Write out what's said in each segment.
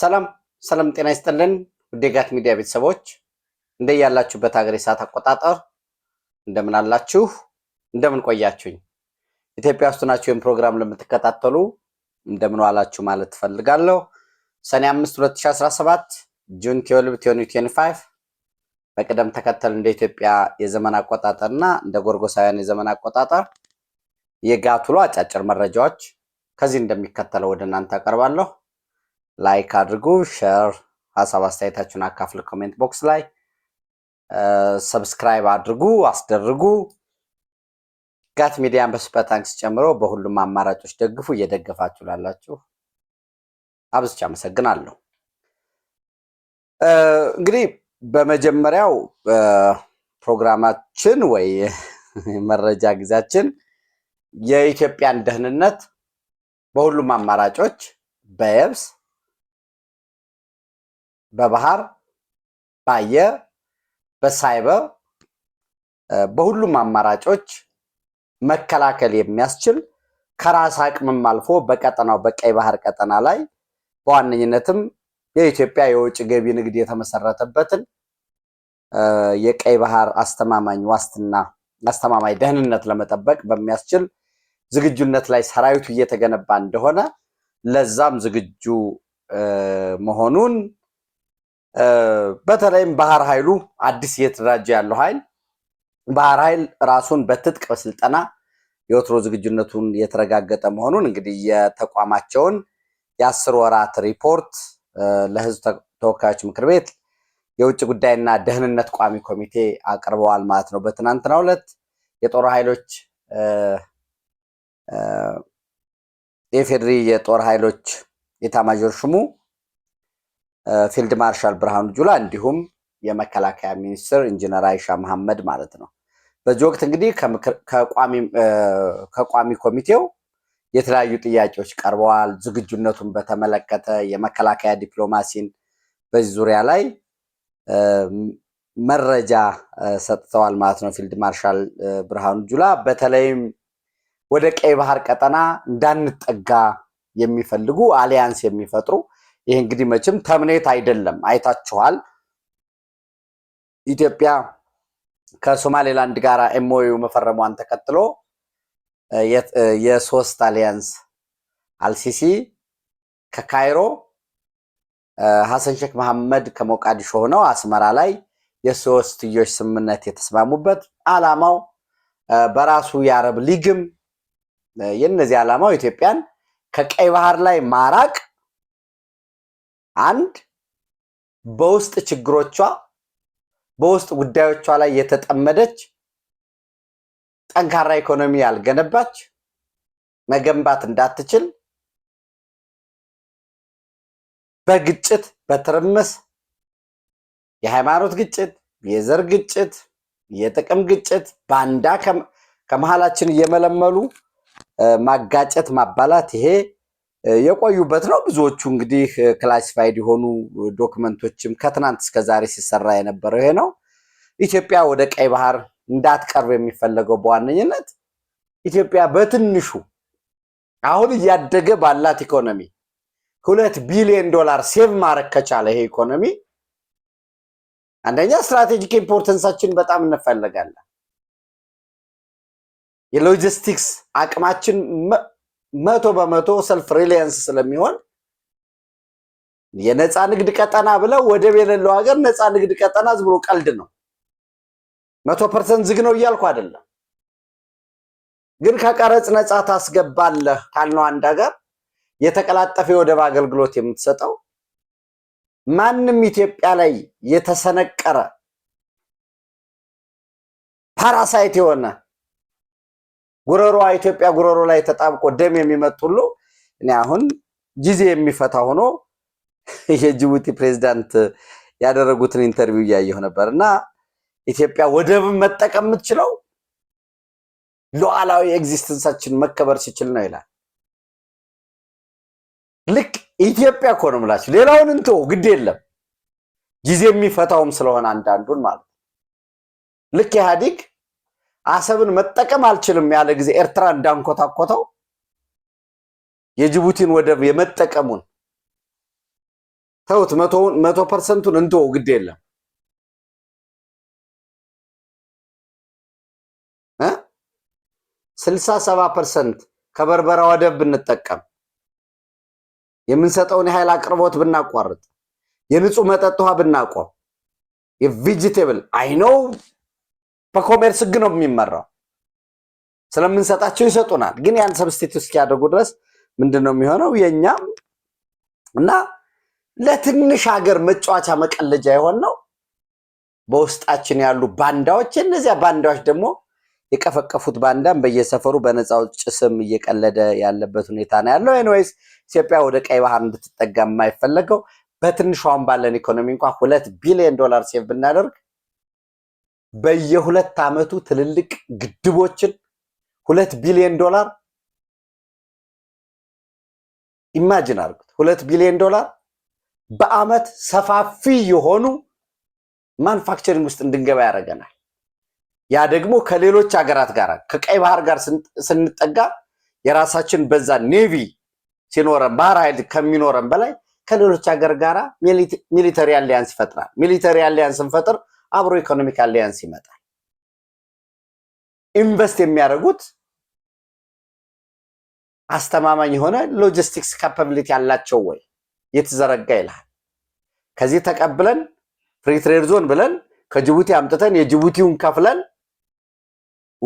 ሰላም ሰላም፣ ጤና ይስጥልን ውዴጋት ሚዲያ ቤተሰቦች እንደያላችሁበት ሀገር ሰዓት አቆጣጠር እንደምን አላችሁ? እንደምን ቆያችሁኝ? ኢትዮጵያ ውስጥ ናችሁ ይህን ፕሮግራም ለምትከታተሉ እንደምን ዋላችሁ ማለት ትፈልጋለሁ። ሰኔ 5 2017 ጁን 12 ፋይፍ በቅደም ተከተል እንደ ኢትዮጵያ የዘመን አቆጣጠር እና እንደ ጎርጎሳውያን የዘመን አቆጣጠር የጋት ውሎ አጫጭር መረጃዎች ከዚህ እንደሚከተለው ወደ እናንተ አቀርባለሁ። ላይክ አድርጉ፣ ሸር፣ ሀሳብ አስተያየታችሁን አካፍል ኮሜንት ቦክስ ላይ ሰብስክራይብ አድርጉ አስደርጉ። ጋት ሚዲያን በሱፐር ጨምሮ በሁሉም አማራጮች ደግፉ። እየደገፋችሁ ላላችሁ አብዝቼ አመሰግናለሁ። እንግዲህ በመጀመሪያው ፕሮግራማችን ወይ መረጃ ጊዜያችን የኢትዮጵያን ደህንነት በሁሉም አማራጮች በየብስ በባህር በአየር በሳይበር በሁሉም አማራጮች መከላከል የሚያስችል ከራስ አቅምም አልፎ በቀጠናው በቀይ ባህር ቀጠና ላይ በዋነኝነትም የኢትዮጵያ የውጭ ገቢ ንግድ የተመሰረተበትን የቀይ ባህር አስተማማኝ ዋስትና አስተማማኝ ደህንነት ለመጠበቅ በሚያስችል ዝግጁነት ላይ ሰራዊቱ እየተገነባ እንደሆነ ለዛም ዝግጁ መሆኑን በተለይም ባህር ኃይሉ አዲስ እየተደራጀ ያለው ኃይል ባህር ኃይል ራሱን በትጥቅ በስልጠና የወትሮ ዝግጁነቱን የተረጋገጠ መሆኑን እንግዲህ የተቋማቸውን የአስር ወራት ሪፖርት ለህዝብ ተወካዮች ምክር ቤት የውጭ ጉዳይና ደህንነት ቋሚ ኮሚቴ አቅርበዋል ማለት ነው። በትናንትናው ዕለት የጦር ኃይሎች የፌዴሪ የጦር ኃይሎች ኤታማዦር ሹሙ ፊልድ ማርሻል ብርሃኑ ጁላ እንዲሁም የመከላከያ ሚኒስትር ኢንጂነር አይሻ መሐመድ ማለት ነው። በዚህ ወቅት እንግዲህ ከቋሚ ኮሚቴው የተለያዩ ጥያቄዎች ቀርበዋል። ዝግጁነቱን በተመለከተ የመከላከያ ዲፕሎማሲን በዚህ ዙሪያ ላይ መረጃ ሰጥተዋል ማለት ነው። ፊልድ ማርሻል ብርሃኑ ጁላ በተለይም ወደ ቀይ ባህር ቀጠና እንዳንጠጋ የሚፈልጉ አሊያንስ የሚፈጥሩ ይህ እንግዲህ መቼም ተምኔት አይደለም፣ አይታችኋል። ኢትዮጵያ ከሶማሌላንድ ጋር ኤምኦዩ መፈረሟን ተከትሎ የሶስት አሊያንስ አልሲሲ ከካይሮ ሐሰን ሼክ መሐመድ ከሞቃዲሾ ሆነው አስመራ ላይ የሶስትዮሽ ስምምነት የተስማሙበት ዓላማው በራሱ የአረብ ሊግም የእነዚህ ዓላማው ኢትዮጵያን ከቀይ ባህር ላይ ማራቅ አንድ በውስጥ ችግሮቿ በውስጥ ጉዳዮቿ ላይ የተጠመደች ጠንካራ ኢኮኖሚ ያልገነባች መገንባት እንዳትችል በግጭት በትርምስ የሃይማኖት ግጭት፣ የዘር ግጭት፣ የጥቅም ግጭት ባንዳ ከመሀላችን እየመለመሉ ማጋጨት ማባላት ይሄ የቆዩበት ነው። ብዙዎቹ እንግዲህ ክላሲፋይድ የሆኑ ዶክመንቶችም ከትናንት እስከ ዛሬ ሲሰራ የነበረው ይሄ ነው። ኢትዮጵያ ወደ ቀይ ባህር እንዳትቀርብ የሚፈለገው በዋነኝነት ኢትዮጵያ በትንሹ አሁን እያደገ ባላት ኢኮኖሚ ሁለት ቢሊዮን ዶላር ሴቭ ማድረግ ከቻለ ይሄ ኢኮኖሚ አንደኛ ስትራቴጂክ ኢምፖርተንሳችን በጣም እንፈልጋለን። የሎጂስቲክስ አቅማችን መቶ በመቶ ሰልፍ ሪሊያንስ ስለሚሆን የነፃ ንግድ ቀጠና ብለው ወደብ የሌለው ሀገር ነፃ ንግድ ቀጠና ዝም ብሎ ቀልድ ነው። መቶ ፐርሰንት ዝግ ነው እያልኩ አይደለም። ግን ከቀረጽ ነፃ ታስገባለህ ካልነው አንድ ሀገር የተቀላጠፈ የወደብ አገልግሎት የምትሰጠው ማንም ኢትዮጵያ ላይ የተሰነቀረ ፓራሳይት የሆነ ጉረሮ ኢትዮጵያ ጉረሮ ላይ ተጣብቆ ደም የሚመጡ ሁሉ እኔ አሁን ጊዜ የሚፈታ ሆኖ የጅቡቲ ፕሬዚዳንት ያደረጉትን ኢንተርቪው እያየሁ ነበር እና ኢትዮጵያ ወደብን መጠቀም የምትችለው ሉዓላዊ ኤግዚስተንሳችን መከበር ሲችል ነው ይላል። ልክ ኢትዮጵያ እኮ ነው የምላችሁ። ሌላውን እንቶ ግድ የለም ጊዜ የሚፈታውም ስለሆነ አንዳንዱን ማለት ልክ ኢህአዲግ አሰብን መጠቀም አልችልም ያለ ጊዜ ኤርትራ እንዳንኮታኮተው የጅቡቲን ወደብ የመጠቀሙን ተውት፣ መቶ ፐርሰንቱን እንቶ ግድ የለም ስልሳ ሰባ ፐርሰንት ከበርበራ ወደብ ብንጠቀም የምንሰጠውን የኃይል አቅርቦት ብናቋርጥ የንጹህ መጠጥ ውሃ ብናቆም የቬጅቴብል አይነው በኮሜርስ ህግ ነው የሚመራው። ስለምንሰጣቸው ይሰጡናል። ግን ያን ሰብስቲቱ እስኪያደርጉ ድረስ ምንድን ነው የሚሆነው የእኛም እና ለትንሽ ሀገር መጫወቻ መቀለጃ የሆን ነው በውስጣችን ያሉ ባንዳዎች። እነዚያ ባንዳዎች ደግሞ የቀፈቀፉት ባንዳም በየሰፈሩ በነፃ ውጭ ስም እየቀለደ ያለበት ሁኔታ ነው ያለው። ኤኒዌይስ ኢትዮጵያ ወደ ቀይ ባህር እንድትጠጋ የማይፈለገው በትንሿን ባለን ኢኮኖሚ እንኳ ሁለት ቢሊዮን ዶላር ሴቭ ብናደርግ በየሁለት ዓመቱ ትልልቅ ግድቦችን ሁለት ቢሊዮን ዶላር ኢማጂን አድርጉት። ሁለት ቢሊዮን ዶላር በአመት ሰፋፊ የሆኑ ማንፋክቸሪንግ ውስጥ እንድንገባ ያደርገናል። ያ ደግሞ ከሌሎች ሀገራት ጋር ከቀይ ባህር ጋር ስንጠጋ የራሳችን በዛ ኔቪ ሲኖረን ባህር ኃይል ከሚኖረን በላይ ከሌሎች ሀገር ጋር ሚሊተሪ አሊያንስ ይፈጥራል። ሚሊተሪ አሊያንስ ስንፈጥር አብሮ ኢኮኖሚክ አሊያንስ ይመጣል። ኢንቨስት የሚያደርጉት አስተማማኝ የሆነ ሎጂስቲክስ ካፓቢሊቲ ያላቸው ወይ የተዘረጋ ይልሃል። ከዚህ ተቀብለን ፍሪ ትሬድ ዞን ብለን ከጅቡቲ አምጥተን የጅቡቲውን ከፍለን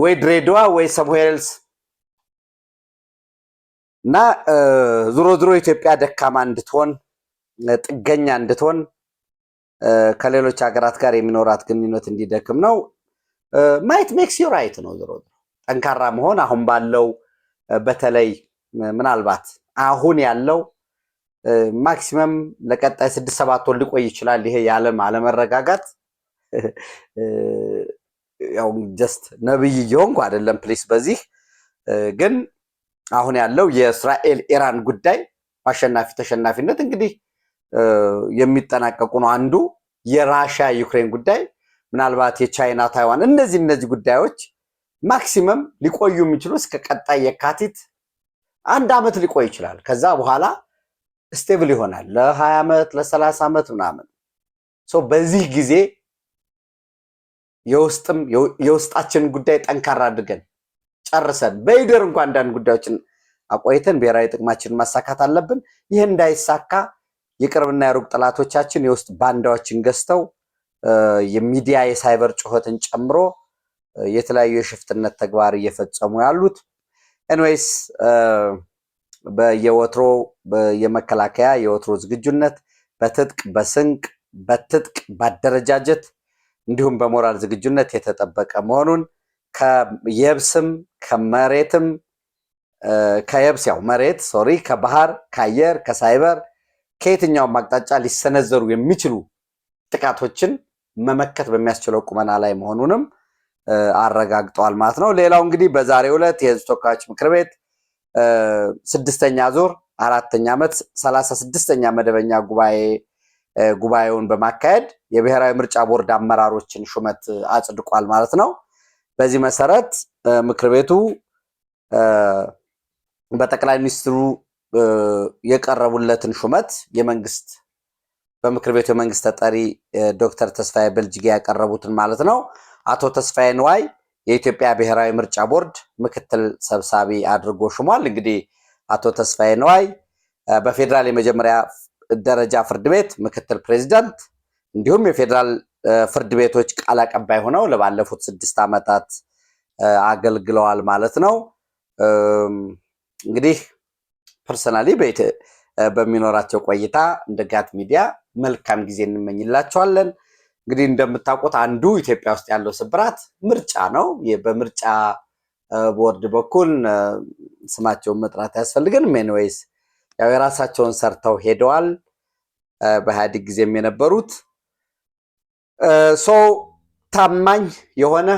ወይ ድሬዳዋ ወይ ሰብሄልስ እና ዞሮ ዞሮ ኢትዮጵያ ደካማ እንድትሆን ጥገኛ እንድትሆን ከሌሎች ሀገራት ጋር የሚኖራት ግንኙነት እንዲደክም ነው። ማየት ሜክስ ዩ ራይት ነው። ዝሮ ጠንካራ መሆን አሁን ባለው በተለይ ምናልባት አሁን ያለው ማክሲመም ለቀጣይ ስድስት ሰባት ወር ሊቆይ ይችላል። ይሄ የዓለም አለመረጋጋት ያው ጀስት ነብይ እየሆንኩ አይደለም ፕሊስ። በዚህ ግን አሁን ያለው የእስራኤል ኢራን ጉዳይ አሸናፊ ተሸናፊነት እንግዲህ የሚጠናቀቁ ነው። አንዱ የራሻ ዩክሬን ጉዳይ፣ ምናልባት የቻይና ታይዋን፣ እነዚህ እነዚህ ጉዳዮች ማክሲመም ሊቆዩ የሚችሉ እስከ ቀጣይ የካቲት አንድ ዓመት ሊቆይ ይችላል። ከዛ በኋላ ስቴብል ይሆናል ለ20 ዓመት ለ30 ዓመት ምናምን። በዚህ ጊዜ የውስጥም የውስጣችንን ጉዳይ ጠንካራ አድርገን ጨርሰን በይደር እንኳ አንዳንድ ጉዳዮችን አቆይተን ብሔራዊ ጥቅማችንን ማሳካት አለብን። ይህ እንዳይሳካ የቅርብና የሩቅ ጠላቶቻችን የውስጥ ባንዳዎችን ገዝተው የሚዲያ የሳይበር ጩኸትን ጨምሮ የተለያዩ የሽፍትነት ተግባር እየፈጸሙ ያሉት። ኤንዌይስ የወትሮ የመከላከያ የወትሮ ዝግጁነት በትጥቅ በስንቅ በትጥቅ በአደረጃጀት እንዲሁም በሞራል ዝግጁነት የተጠበቀ መሆኑን ከየብስም ከመሬትም ከየብስ ያው መሬት ሶሪ ከባህር ከአየር ከሳይበር ከየትኛውም አቅጣጫ ሊሰነዘሩ የሚችሉ ጥቃቶችን መመከት በሚያስችለው ቁመና ላይ መሆኑንም አረጋግጠዋል ማለት ነው። ሌላው እንግዲህ በዛሬው ዕለት የህዝብ ተወካዮች ምክር ቤት ስድስተኛ ዙር አራተኛ ዓመት ሰላሳ ስድስተኛ መደበኛ ጉባኤ ጉባኤውን በማካሄድ የብሔራዊ ምርጫ ቦርድ አመራሮችን ሹመት አጽድቋል ማለት ነው። በዚህ መሰረት ምክር ቤቱ በጠቅላይ ሚኒስትሩ የቀረቡለትን ሹመት የመንግስት በምክር ቤቱ የመንግስት ተጠሪ ዶክተር ተስፋዬ በልጅጌ ያቀረቡትን ማለት ነው። አቶ ተስፋዬ ንዋይ የኢትዮጵያ ብሔራዊ ምርጫ ቦርድ ምክትል ሰብሳቢ አድርጎ ሹሟል። እንግዲህ አቶ ተስፋዬ ንዋይ በፌዴራል የመጀመሪያ ደረጃ ፍርድ ቤት ምክትል ፕሬዚዳንት እንዲሁም የፌዴራል ፍርድ ቤቶች ቃል አቀባይ ሆነው ለባለፉት ስድስት ዓመታት አገልግለዋል ማለት ነው እንግዲህ ፐርሰናሊ በሚኖራቸው ቆይታ እንደ ጋት ሚዲያ መልካም ጊዜ እንመኝላቸዋለን። እንግዲህ እንደምታውቁት አንዱ ኢትዮጵያ ውስጥ ያለው ስብራት ምርጫ ነው። በምርጫ ቦርድ በኩል ስማቸውን መጥራት አያስፈልገንም። ሜንዌይስ ያው የራሳቸውን ሰርተው ሄደዋል። በኢህአዴግ ጊዜም የነበሩት ሰው ታማኝ የሆነ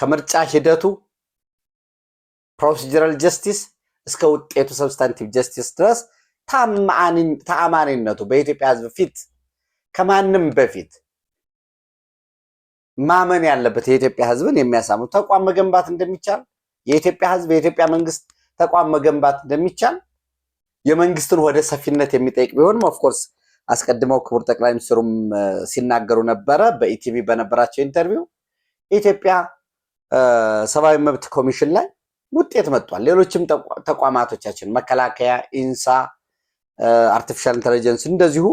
ከምርጫ ሂደቱ ፕሮሲጀራል ጀስቲስ እስከ ውጤቱ ሰብስታንቲቭ ጀስቲስ ድረስ ተአማኒነቱ በኢትዮጵያ ሕዝብ ፊት ከማንም በፊት ማመን ያለበት የኢትዮጵያ ሕዝብን የሚያሳምኑ ተቋም መገንባት እንደሚቻል የኢትዮጵያ ሕዝብ የኢትዮጵያ መንግስት ተቋም መገንባት እንደሚቻል የመንግስትን ወደ ሰፊነት የሚጠይቅ ቢሆንም ኦፍኮርስ አስቀድመው ክቡር ጠቅላይ ሚኒስትሩም ሲናገሩ ነበረ። በኢቲቪ በነበራቸው ኢንተርቪው የኢትዮጵያ ሰብአዊ መብት ኮሚሽን ላይ ውጤት መጥቷል። ሌሎችም ተቋማቶቻችን መከላከያ፣ ኢንሳ፣ አርቲፊሻል ኢንተለጀንስ እንደዚሁ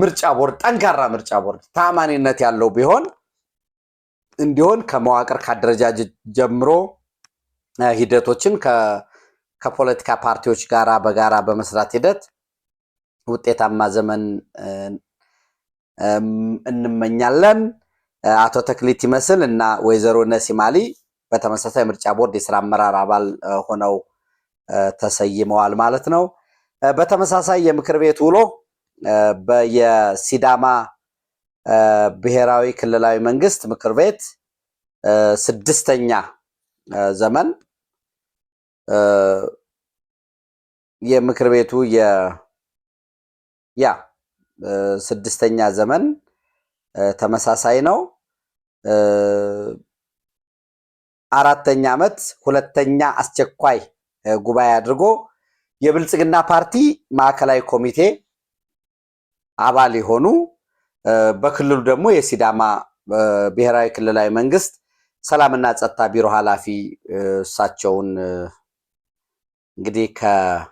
ምርጫ ቦርድ ጠንካራ ምርጫ ቦርድ ተአማኒነት ያለው ቢሆን እንዲሆን ከመዋቅር ከአደረጃጀት ጀምሮ ሂደቶችን ከፖለቲካ ፓርቲዎች ጋራ በጋራ በመስራት ሂደት ውጤታማ ዘመን እንመኛለን። አቶ ተክሊት ይመስል እና ወይዘሮ ነሲማሊ በተመሳሳይ ምርጫ ቦርድ የስራ አመራር አባል ሆነው ተሰይመዋል ማለት ነው። በተመሳሳይ የምክር ቤት ውሎ የሲዳማ ብሔራዊ ክልላዊ መንግስት ምክር ቤት ስድስተኛ ዘመን የምክር ቤቱ ያ ስድስተኛ ዘመን ተመሳሳይ ነው። አራተኛ ዓመት ሁለተኛ አስቸኳይ ጉባኤ አድርጎ የብልጽግና ፓርቲ ማዕከላዊ ኮሚቴ አባል የሆኑ በክልሉ ደግሞ የሲዳማ ብሔራዊ ክልላዊ መንግስት ሰላምና ጸጥታ ቢሮ ኃላፊ እሳቸውን እንግዲህ ከአቶ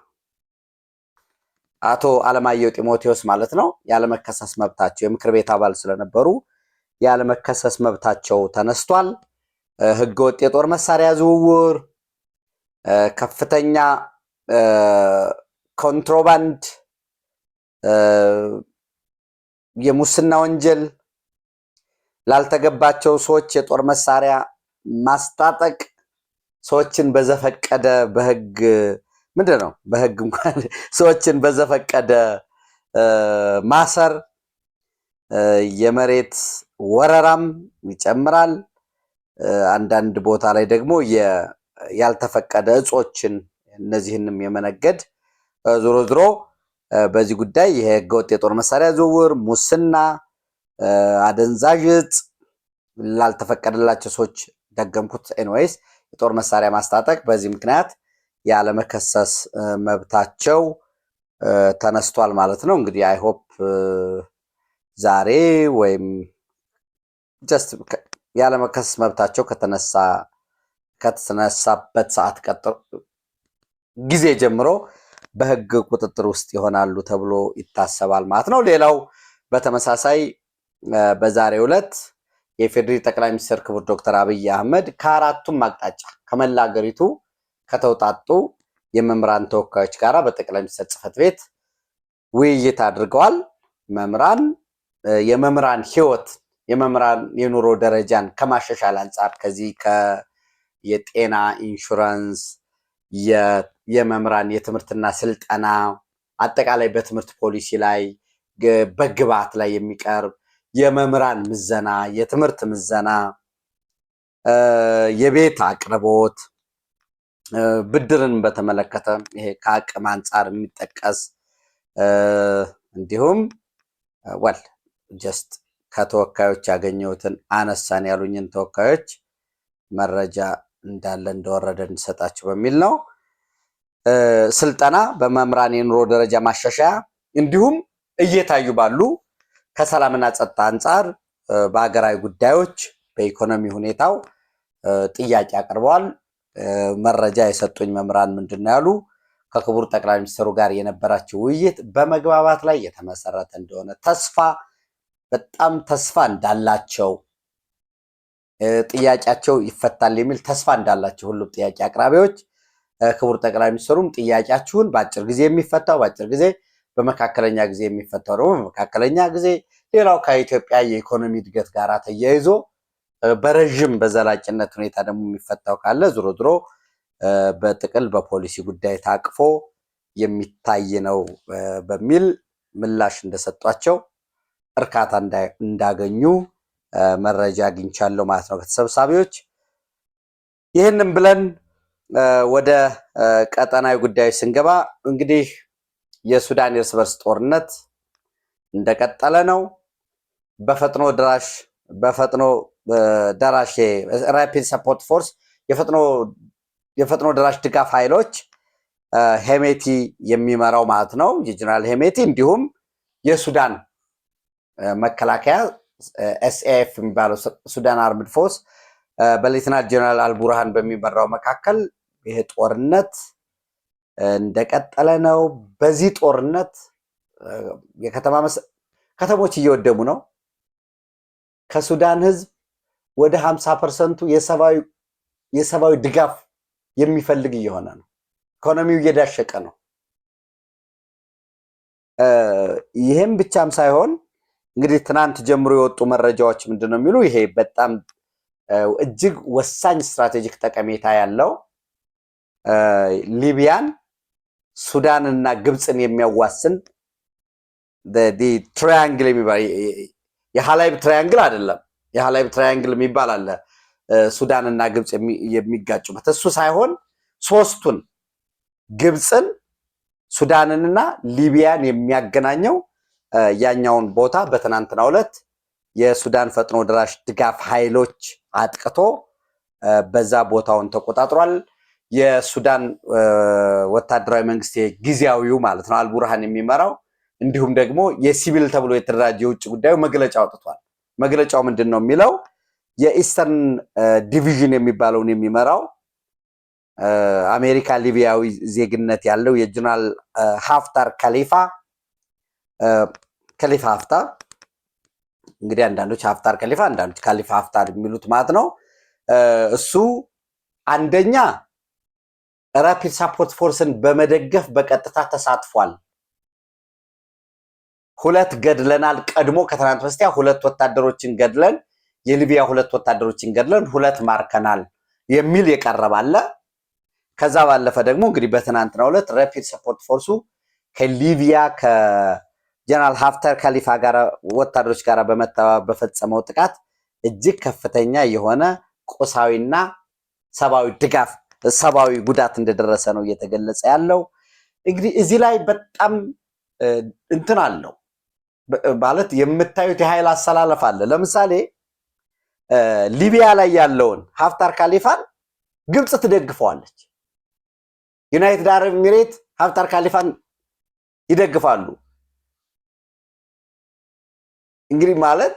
አለማየሁ ጢሞቴዎስ ማለት ነው ያለመከሰስ መብታቸው የምክር ቤት አባል ስለነበሩ ያለመከሰስ መብታቸው ተነስቷል። ህገወጥ የጦር መሳሪያ ዝውውር፣ ከፍተኛ ኮንትሮባንድ፣ የሙስና ወንጀል፣ ላልተገባቸው ሰዎች የጦር መሳሪያ ማስታጠቅ፣ ሰዎችን በዘፈቀደ በህግ ምንድን ነው በህግ እንኳን ሰዎችን በዘፈቀደ ማሰር፣ የመሬት ወረራም ይጨምራል። አንዳንድ ቦታ ላይ ደግሞ ያልተፈቀደ እጾችን እነዚህንም የመነገድ ዞሮ ዞሮ በዚህ ጉዳይ የህገወጥ የጦር መሳሪያ ዝውውር፣ ሙስና፣ አደንዛዥ እጽ ላልተፈቀደላቸው ሰዎች ደገምኩት። ኤንዌይስ የጦር መሳሪያ ማስታጠቅ በዚህ ምክንያት ያለመከሰስ መብታቸው ተነስቷል ማለት ነው። እንግዲህ አይሆፕ ዛሬ ወይም ጀስት ያለመከሰስ መብታቸው ከተነሳበት ሰዓት ቀጥሮ ጊዜ ጀምሮ በህግ ቁጥጥር ውስጥ ይሆናሉ ተብሎ ይታሰባል ማለት ነው። ሌላው በተመሳሳይ በዛሬው ዕለት የፌዴሪ ጠቅላይ ሚኒስትር ክቡር ዶክተር አብይ አህመድ ከአራቱም አቅጣጫ ከመላ ሀገሪቱ ከተውጣጡ የመምህራን ተወካዮች ጋር በጠቅላይ ሚኒስትር ጽሕፈት ቤት ውይይት አድርገዋል። መምህራን የመምህራን ህይወት የመምህራን የኑሮ ደረጃን ከማሻሻል አንጻር ከዚህ የጤና ኢንሹራንስ፣ የመምህራን የትምህርትና ስልጠና አጠቃላይ በትምህርት ፖሊሲ ላይ በግብዓት ላይ የሚቀርብ የመምህራን ምዘና፣ የትምህርት ምዘና፣ የቤት አቅርቦት፣ ብድርን በተመለከተ ይሄ ከአቅም አንጻር የሚጠቀስ እንዲሁም ወል ጀስት ከተወካዮች ያገኘሁትን አነሳን ያሉኝን ተወካዮች መረጃ እንዳለ እንደወረደ እንሰጣቸው በሚል ነው። ስልጠና በመምህራን የኑሮ ደረጃ ማሻሻያ እንዲሁም እየታዩ ባሉ ከሰላምና ጸጥታ አንጻር በሀገራዊ ጉዳዮች በኢኮኖሚ ሁኔታው ጥያቄ አቅርበዋል። መረጃ የሰጡኝ መምህራን ምንድን ነው ያሉ ከክቡር ጠቅላይ ሚኒስትሩ ጋር የነበራቸው ውይይት በመግባባት ላይ የተመሰረተ እንደሆነ ተስፋ በጣም ተስፋ እንዳላቸው ጥያቄያቸው ይፈታል የሚል ተስፋ እንዳላቸው ሁሉም ጥያቄ አቅራቢዎች ክቡር ጠቅላይ ሚኒስትሩም ጥያቄያችሁን በአጭር ጊዜ የሚፈታው በአጭር ጊዜ፣ በመካከለኛ ጊዜ የሚፈታው ደግሞ በመካከለኛ ጊዜ፣ ሌላው ከኢትዮጵያ የኢኮኖሚ እድገት ጋር ተያይዞ በረዥም በዘላቂነት ሁኔታ ደግሞ የሚፈታው ካለ ዞሮ ዞሮ በጥቅል በፖሊሲ ጉዳይ ታቅፎ የሚታይ ነው በሚል ምላሽ እንደሰጧቸው እርካታ እንዳገኙ መረጃ አግኝቻለሁ ማለት ነው ከተሰብሳቢዎች። ይህንም ብለን ወደ ቀጠናዊ ጉዳዮች ስንገባ እንግዲህ የሱዳን የእርስ በርስ ጦርነት እንደቀጠለ ነው። በፈጥኖ ደራሽ በፈጥኖ ደራሽ ራፒድ ሰፖርት ፎርስ የፈጥኖ ደራሽ ድጋፍ ኃይሎች ሄሜቲ የሚመራው ማለት ነው የጀነራል ሄሜቲ እንዲሁም የሱዳን መከላከያ ኤስኤፍ የሚባለው ሱዳን አርምድ ፎርስ በሌትናል ጀነራል አልቡርሃን በሚመራው መካከል ይሄ ጦርነት እንደቀጠለ ነው። በዚህ ጦርነት የከተማ ከተሞች እየወደሙ ነው። ከሱዳን ህዝብ ወደ ሀምሳ ፐርሰንቱ የሰብአዊ ድጋፍ የሚፈልግ እየሆነ ነው። ኢኮኖሚው እየዳሸቀ ነው። ይህም ብቻም ሳይሆን እንግዲህ ትናንት ጀምሮ የወጡ መረጃዎች ምንድን ነው የሚሉ ይሄ በጣም እጅግ ወሳኝ ስትራቴጂክ ጠቀሜታ ያለው ሊቢያን ሱዳንና ግብፅን የሚያዋስን ትራያንግል የሚባል የሀላይብ ትራያንግል አይደለም። የሀላይብ ትራያንግል የሚባል አለ፣ እና ግብፅ የሚጋጩበት እሱ ሳይሆን ሶስቱን ግብፅን፣ ሱዳንንና ሊቢያን የሚያገናኘው ያኛውን ቦታ በትናንትናው ዕለት የሱዳን ፈጥኖ ደራሽ ድጋፍ ኃይሎች አጥቅቶ በዛ ቦታውን ተቆጣጥሯል። የሱዳን ወታደራዊ መንግስት ጊዜያዊው ማለት ነው አልቡርሃን የሚመራው እንዲሁም ደግሞ የሲቪል ተብሎ የተደራጀ የውጭ ጉዳዩ መግለጫ አውጥቷል። መግለጫው ምንድን ነው የሚለው የኢስተርን ዲቪዥን የሚባለውን የሚመራው አሜሪካ ሊቢያዊ ዜግነት ያለው የጀነራል ሀፍታር ካሊፋ ከሊፋ ሀፍታር እንግዲህ አንዳንዶች ሀፍታር ከሊፋ አንዳንዶች ከሊፋ ሀፍታር የሚሉት ማለት ነው። እሱ አንደኛ ራፒድ ሳፖርት ፎርስን በመደገፍ በቀጥታ ተሳትፏል። ሁለት ገድለናል። ቀድሞ ከትናንት በስቲያ ሁለት ወታደሮችን ገድለን የሊቢያ ሁለት ወታደሮችን ገድለን ሁለት ማርከናል የሚል የቀረባለ። ከዛ ባለፈ ደግሞ እንግዲህ በትናንትናው ዕለት ራፒድ ሰፖርት ፎርሱ ከሊቢያ ጀነራል ሀፍተር ከሊፋ ጋር ወታደሮች ጋር በመተባበር በፈጸመው ጥቃት እጅግ ከፍተኛ የሆነ ቁሳዊና ሰብአዊ ድጋፍ ሰብአዊ ጉዳት እንደደረሰ ነው እየተገለጸ ያለው። እንግዲህ እዚህ ላይ በጣም እንትን አለው ማለት የምታዩት የኃይል አሰላለፍ አለ። ለምሳሌ ሊቢያ ላይ ያለውን ሀፍታር ካሊፋን ግብፅ ትደግፈዋለች። ዩናይትድ አረብ ኤሚሬት ሀፍታር ካሊፋን ይደግፋሉ። እንግዲህ ማለት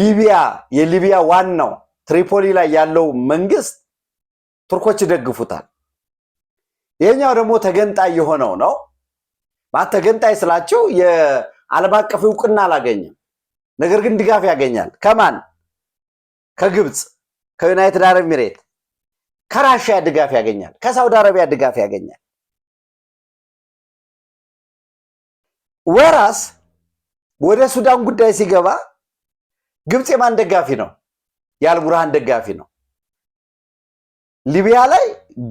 ሊቢያ የሊቢያ ዋናው ትሪፖሊ ላይ ያለው መንግስት ቱርኮች ይደግፉታል። ይሄኛው ደግሞ ተገንጣይ የሆነው ነው። ማለት ተገንጣይ ስላቸው የዓለም አቀፍ እውቅና አላገኘም፣ ነገር ግን ድጋፍ ያገኛል። ከማን? ከግብፅ፣ ከዩናይትድ አረብ ኤሚሬት፣ ከራሽያ ድጋፍ ያገኛል፣ ከሳውዲ አረቢያ ድጋፍ ያገኛል ወራስ ወደ ሱዳን ጉዳይ ሲገባ ግብፅ የማን ደጋፊ ነው? የአልቡርሃን ደጋፊ ነው። ሊቢያ ላይ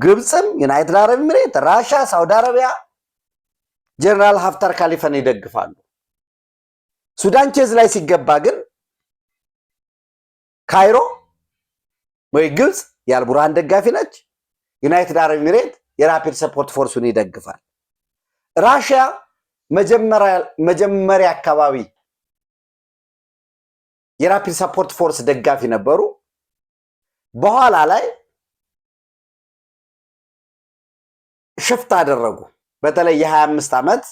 ግብፅም፣ ዩናይትድ አረብ ኤምሬት፣ ራሻ፣ ሳውዲ አረቢያ ጀነራል ሀፍታር ካሊፈን ይደግፋሉ። ሱዳን ቼዝ ላይ ሲገባ ግን ካይሮ ወይ ግብፅ የአልቡርሃን ደጋፊ ነች። ዩናይትድ አረብ ኤምሬት የራፒድ ሰፖርት ፎርሱን ይደግፋል። ራሽያ መጀመሪያ አካባቢ የራፒድ ሰፖርት ፎርስ ደጋፊ ነበሩ። በኋላ ላይ ሽፍት አደረጉ። በተለይ የ አምስት ዓመት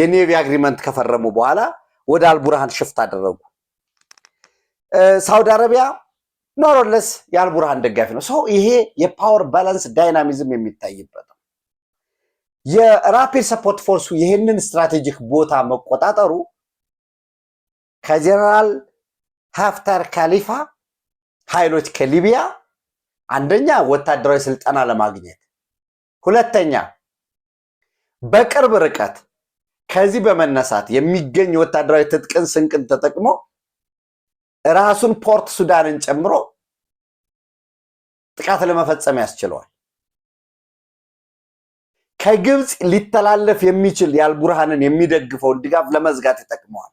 የኔቪ አግሪመንት ከፈረሙ በኋላ ወደ አልቡርሃን ሽፍት አደረጉ። ሳውዲ አረቢያ ኖሮለስ የአልቡርሃን ደጋፊ ነው። ሰው ይሄ የፓወር ባላንስ ዳይናሚዝም የሚታይበት ነው። የራፒድ ሰፖርት ፎርሱ ይህንን ስትራቴጂክ ቦታ መቆጣጠሩ ከጀነራል ሀፍታር ካሊፋ ኃይሎች ከሊቢያ አንደኛ ወታደራዊ ስልጠና ለማግኘት ሁለተኛ በቅርብ ርቀት ከዚህ በመነሳት የሚገኝ ወታደራዊ ትጥቅን ስንቅን ተጠቅሞ ራሱን ፖርት ሱዳንን ጨምሮ ጥቃት ለመፈጸም ያስችለዋል። ከግብፅ ሊተላለፍ የሚችል የአልቡርሃንን የሚደግፈውን ድጋፍ ለመዝጋት ይጠቅመዋል።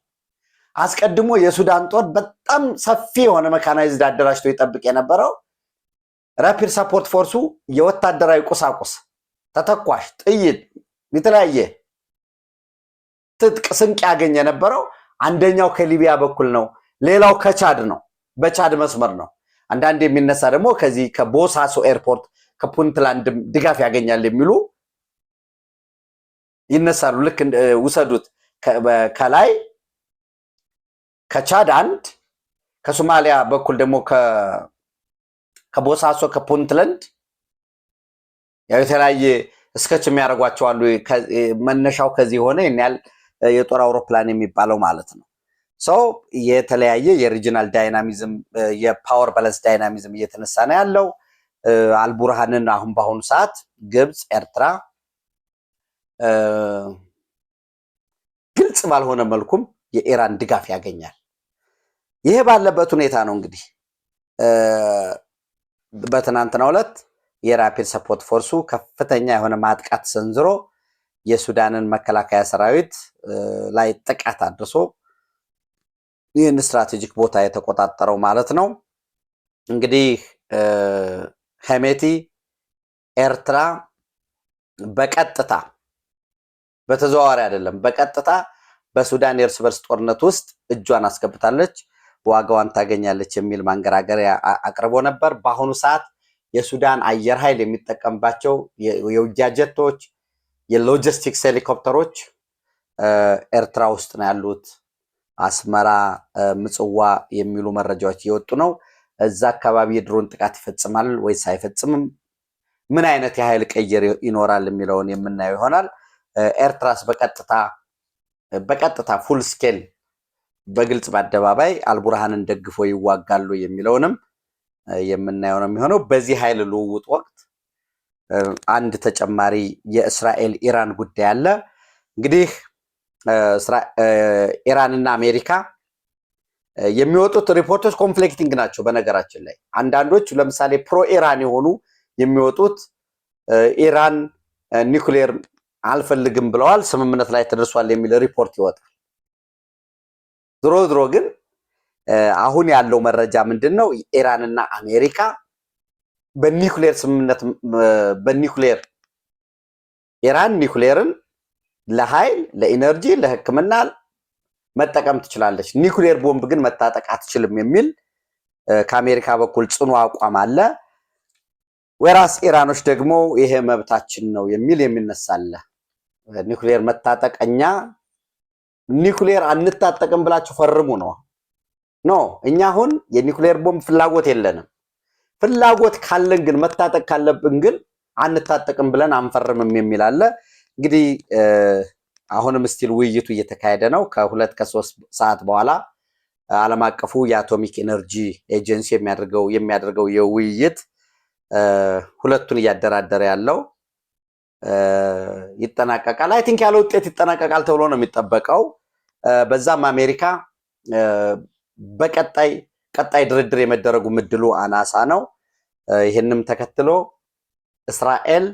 አስቀድሞ የሱዳን ጦር በጣም ሰፊ የሆነ መካናይዝድ አደራጅቶ ይጠብቅ የነበረው ራፒድ ሰፖርት ፎርሱ የወታደራዊ ቁሳቁስ ተተኳሽ፣ ጥይት፣ የተለያየ ትጥቅ፣ ስንቅ ያገኝ የነበረው አንደኛው ከሊቢያ በኩል ነው፣ ሌላው ከቻድ ነው፣ በቻድ መስመር ነው። አንዳንድ የሚነሳ ደግሞ ከዚህ ከቦሳሶ ኤርፖርት ከፑንትላንድ ድጋፍ ያገኛል የሚሉ ይነሳሉ። ልክ ውሰዱት። ከላይ ከቻድ አንድ፣ ከሶማሊያ በኩል ደግሞ ከቦሳሶ ከፑንትለንድ ያው የተለያየ እስከች የሚያደርጓቸው አሉ። መነሻው ከዚህ የሆነ ይህን ያህል የጦር አውሮፕላን የሚባለው ማለት ነው። ሰው የተለያየ የሪጂናል ዳይናሚዝም የፓወር ባለንስ ዳይናሚዝም እየተነሳ ነው ያለው። አልቡርሃንን አሁን በአሁኑ ሰዓት ግብፅ፣ ኤርትራ ግልጽ ባልሆነ መልኩም የኢራን ድጋፍ ያገኛል። ይሄ ባለበት ሁኔታ ነው እንግዲህ በትናንትናው ዕለት የራፒድ ሰፖርት ፎርሱ ከፍተኛ የሆነ ማጥቃት ሰንዝሮ የሱዳንን መከላከያ ሰራዊት ላይ ጥቃት አድርሶ ይህን ስትራቴጂክ ቦታ የተቆጣጠረው ማለት ነው። እንግዲህ ሄሜቲ ኤርትራ በቀጥታ በተዘዋዋሪ አይደለም፣ በቀጥታ በሱዳን የእርስ በርስ ጦርነት ውስጥ እጇን አስገብታለች፣ ዋጋዋን ታገኛለች የሚል ማንገራገሪያ አቅርቦ ነበር። በአሁኑ ሰዓት የሱዳን አየር ኃይል የሚጠቀምባቸው የውጊያ ጀቶች፣ የሎጂስቲክስ ሄሊኮፕተሮች ኤርትራ ውስጥ ነው ያሉት፣ አስመራ፣ ምጽዋ የሚሉ መረጃዎች እየወጡ ነው። እዛ አካባቢ የድሮን ጥቃት ይፈጽማል ወይስ አይፈጽምም፣ ምን አይነት የኃይል ቀየር ይኖራል የሚለውን የምናየው ይሆናል። ኤርትራስ በቀጥታ በቀጥታ ፉል ስኬል በግልጽ በአደባባይ አልቡርሃንን ደግፎ ይዋጋሉ የሚለውንም የምናየው ነው የሚሆነው። በዚህ ኃይል ልውውጥ ወቅት አንድ ተጨማሪ የእስራኤል ኢራን ጉዳይ አለ። እንግዲህ ኢራንና አሜሪካ የሚወጡት ሪፖርቶች ኮንፍሊክቲንግ ናቸው። በነገራችን ላይ አንዳንዶች ለምሳሌ ፕሮ ኢራን የሆኑ የሚወጡት ኢራን ኒውክሌር አልፈልግም ብለዋል። ስምምነት ላይ ተደርሷል የሚል ሪፖርት ይወጣል። ድሮ ድሮ ግን አሁን ያለው መረጃ ምንድን ነው? ኢራንና አሜሪካ በኒኩሌር ስምምነት በኒኩሌር ኢራን ኒኩሌርን ለኃይል ለኢነርጂ፣ ለሕክምና መጠቀም ትችላለች። ኒኩሌር ቦምብ ግን መታጠቅ አትችልም የሚል ከአሜሪካ በኩል ጽኑ አቋም አለ። ወራስ ኢራኖች ደግሞ ይሄ መብታችን ነው የሚል የሚነሳለ ኒክሌር መታጠቅ እኛ ኒኩሌር አንታጠቅም ብላችሁ ፈርሙ ነው። ኖ እኛ አሁን የኒክሌር ቦምብ ፍላጎት የለንም። ፍላጎት ካለን ግን መታጠቅ ካለብን ግን አንታጠቅም ብለን አንፈርምም የሚል አለ። እንግዲህ አሁንም ስቲል ውይይቱ እየተካሄደ ነው። ከሁለት ከሶስት ሰዓት በኋላ ዓለም አቀፉ የአቶሚክ ኤነርጂ ኤጀንሲ የሚያደርገው የሚያደርገው የውይይት ሁለቱን እያደራደረ ያለው ይጠናቀቃል። አይ ቲንክ ያለ ውጤት ይጠናቀቃል ተብሎ ነው የሚጠበቀው። በዛም አሜሪካ በቀጣይ ቀጣይ ድርድር የመደረጉ ምድሉ አናሳ ነው። ይህንም ተከትሎ እስራኤል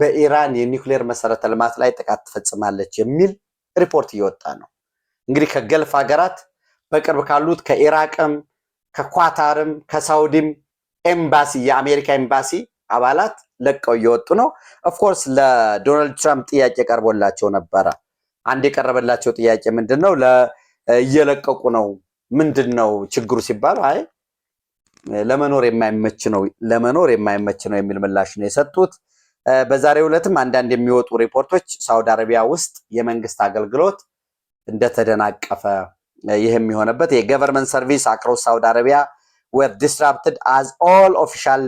በኢራን የኒውክሌር መሰረተ ልማት ላይ ጥቃት ትፈጽማለች የሚል ሪፖርት እየወጣ ነው። እንግዲህ ከገልፍ ሀገራት በቅርብ ካሉት ከኢራቅም፣ ከኳታርም፣ ከሳውዲም ኤምባሲ የአሜሪካ ኤምባሲ አባላት ለቀው እየወጡ ነው። ኦፍኮርስ ለዶናልድ ትራምፕ ጥያቄ ቀርቦላቸው ነበረ። አንድ የቀረበላቸው ጥያቄ ምንድን ነው? እየለቀቁ ነው ምንድን ነው ችግሩ ሲባሉ አይ ለመኖር የማይመች ነው ለመኖር የማይመች ነው የሚል ምላሽ ነው የሰጡት። በዛሬው ዕለትም አንዳንድ የሚወጡ ሪፖርቶች ሳውዲ አረቢያ ውስጥ የመንግስት አገልግሎት እንደተደናቀፈ ይህም የሆነበት የገቨርንመንት ሰርቪስ አክሮስ ሳውዲ አረቢያ ዌር ዲስራፕትድ አዝ ኦል ኦፊሻል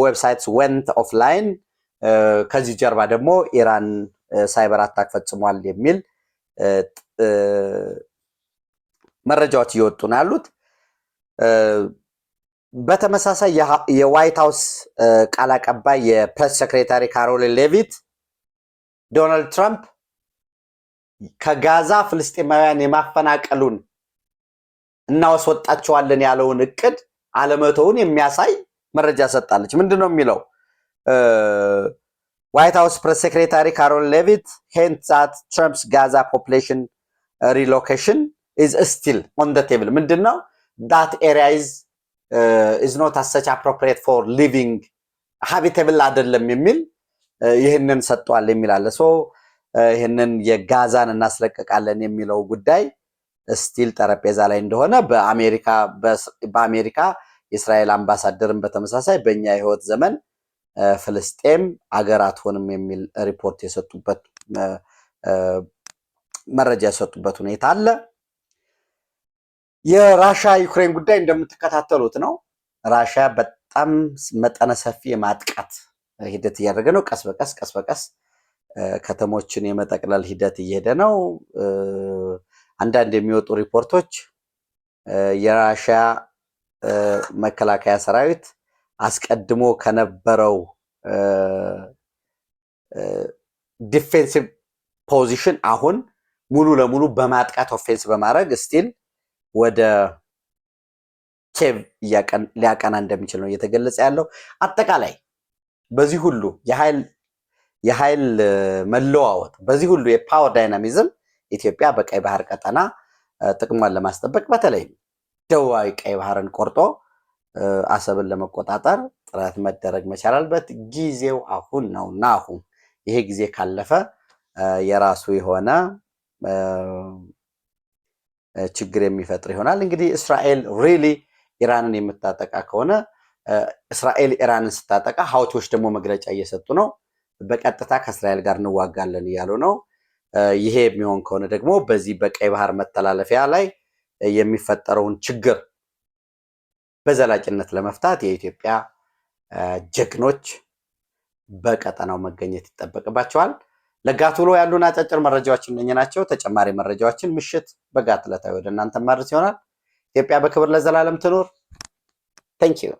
ዌብሳይትስ ወንት ኦፍላይን፣ ከዚህ ጀርባ ደግሞ ኢራን uh, ሳይበር አታክ ፈጽሟል የሚል uh, uh, መረጃዎች እየወጡ ነው ያሉት። በተመሳሳይ የዋይት ሃውስ ቃል አቀባይ የፕሬስ ሴክሬታሪ ካሮሊን ሌቪት ዶናልድ ትራምፕ ከጋዛ ፍልስጤማውያን የማፈናቀሉን እናስወጣቸዋለን ያለውን እቅድ አለመተውን የሚያሳይ መረጃ ሰጣለች። ምንድን ነው የሚለው? ዋይት ሃውስ ፕሬስ ሴክሬታሪ ካሮል ሌቪት ሄንት ዛት ትራምፕስ ጋዛ ፖፕሌሽን ሪሎኬሽን ኢዝ ስቲል ኦን ደ ቴብል። ምንድን ነው ዳት ኤሪያ ኢዝ ኖት አሰች አፕሮፕሪየት ፎር ሊቪንግ ሀቢቴብል አይደለም የሚል ይህንን ሰጥቷል የሚላለ ይህንን የጋዛን እናስለቀቃለን የሚለው ጉዳይ ስቲል ጠረጴዛ ላይ እንደሆነ በአሜሪካ የእስራኤል አምባሳደርን በተመሳሳይ በእኛ የህይወት ዘመን ፍልስጤም አገር አትሆንም የሚል ሪፖርት የሰጡበት መረጃ የሰጡበት ሁኔታ አለ። የራሻ ዩክሬን ጉዳይ እንደምትከታተሉት ነው። ራሻ በጣም መጠነ ሰፊ የማጥቃት ሂደት እያደረገ ነው። ቀስ በቀስ ቀስ በቀስ ከተሞችን የመጠቅለል ሂደት እየሄደ ነው። አንዳንድ የሚወጡ ሪፖርቶች የራሻ መከላከያ ሰራዊት አስቀድሞ ከነበረው ዲፌንሲቭ ፖዚሽን አሁን ሙሉ ለሙሉ በማጥቃት ኦፌንስ በማድረግ ስቲል ወደ ኬቭ ሊያቀና እንደሚችል ነው እየተገለጸ ያለው። አጠቃላይ በዚህ ሁሉ የኃይል መለዋወጥ፣ በዚህ ሁሉ የፓወር ዳይናሚዝም ኢትዮጵያ በቀይ ባህር ቀጠና ጥቅሟን ለማስጠበቅ በተለይም ደቡባዊ ቀይ ባህርን ቆርጦ አሰብን ለመቆጣጠር ጥረት መደረግ መቻል አለበት። ጊዜው አሁን እና አሁን ይሄ ጊዜ ካለፈ የራሱ የሆነ ችግር የሚፈጥር ይሆናል። እንግዲህ እስራኤል ሪሊ ኢራንን የምታጠቃ ከሆነ እስራኤል ኢራንን ስታጠቃ ሀውቲዎች ደግሞ መግለጫ እየሰጡ ነው። በቀጥታ ከእስራኤል ጋር እንዋጋለን እያሉ ነው። ይሄ የሚሆን ከሆነ ደግሞ በዚህ በቀይ ባህር መተላለፊያ ላይ የሚፈጠረውን ችግር በዘላቂነት ለመፍታት የኢትዮጵያ ጀግኖች በቀጠናው መገኘት ይጠበቅባቸዋል። ለጋት ውሎ ያሉን አጫጭር መረጃዎች እነኚህ ናቸው። ተጨማሪ መረጃዎችን ምሽት በጋት ዕለታዊ ወደ እናንተ ማድረስ ይሆናል። ኢትዮጵያ በክብር ለዘላለም ትኑር። ታንኪዩ